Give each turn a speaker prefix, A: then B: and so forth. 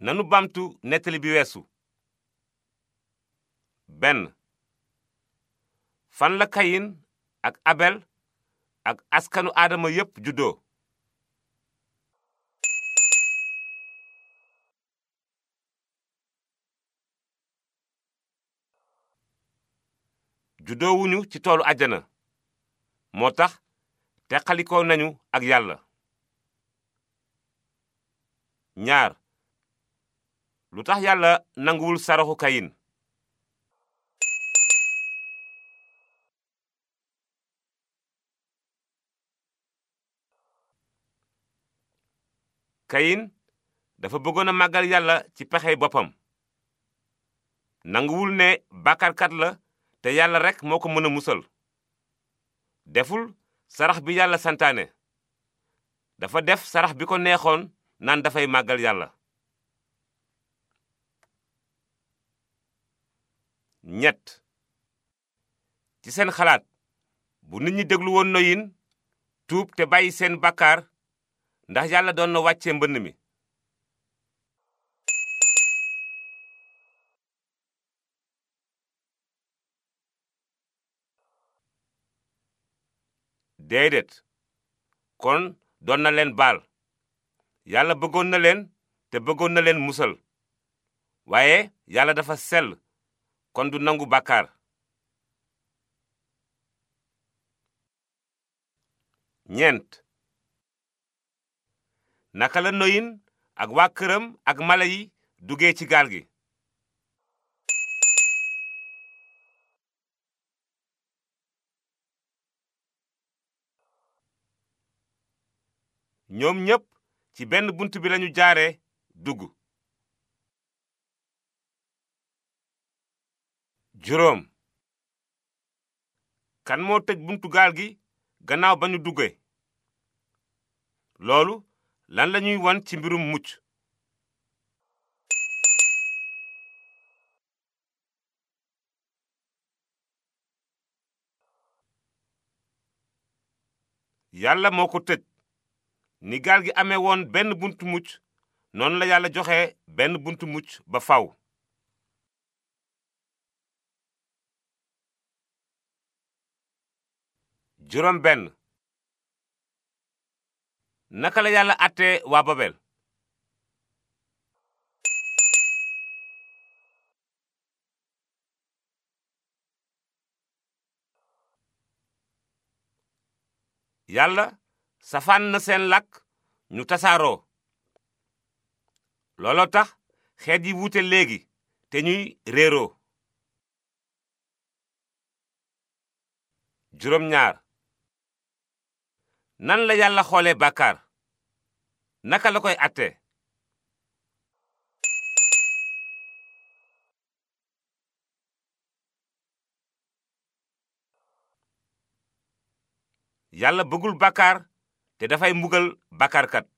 A: nanu bamtu nettali bi weesu benn fan la kayin ak abel ak askanu aadama yépp juddoo juddoowuñu ci toolu àjjana moo tax teqalikoo nañu ak yàlla ñaar lu tax yàlla nanguwul saraxu kayin kayin dafa bëggoon a màggal yàlla ci pexey boppam nanguwul ne bàkkaarkat la te yàlla rekk moo ko mën a musal deful sarax bi yàlla santaane dafa def sarax bi ko neexoon naan dafay màggal yàlla ñett ci seen xalaat bu nit ñi déglu noyin tuub te bàyyi seen bàkkaar ndax yàlla doon na wàcce mbënn mi déedéet kon doon na leen baal yàlla bëggoon na leen te bëggoon na leen musal waaye yàlla dafa sell kon du nangu bàkkaar ñeent naka la noyin ak waa këram ak mala yi duggee ci gaal gi ñoom ñépp ci benn bunt bi lañu jaare dugg juróom kan moo tëj buntu gaal gi gannaaw ba ñu dugge loolu lan la ñuy won ci mbirum mucc yàlla moo ko tëj ni gaal gi amee woon benn buntu mucc noonu la yàlla joxe benn buntu mucc ba faw juróom benn naka la yàlla àttee waa babel yàlla safaan na seen làkk ñu tasaaroo looloo tax xeet yi wuute léegi te ñuy réeroo juróom ñaar nan la yàlla xoolee bàkkaar naka la koy ate yàlla bëggul bàkkaar te dafay mbugal bàkkaarkat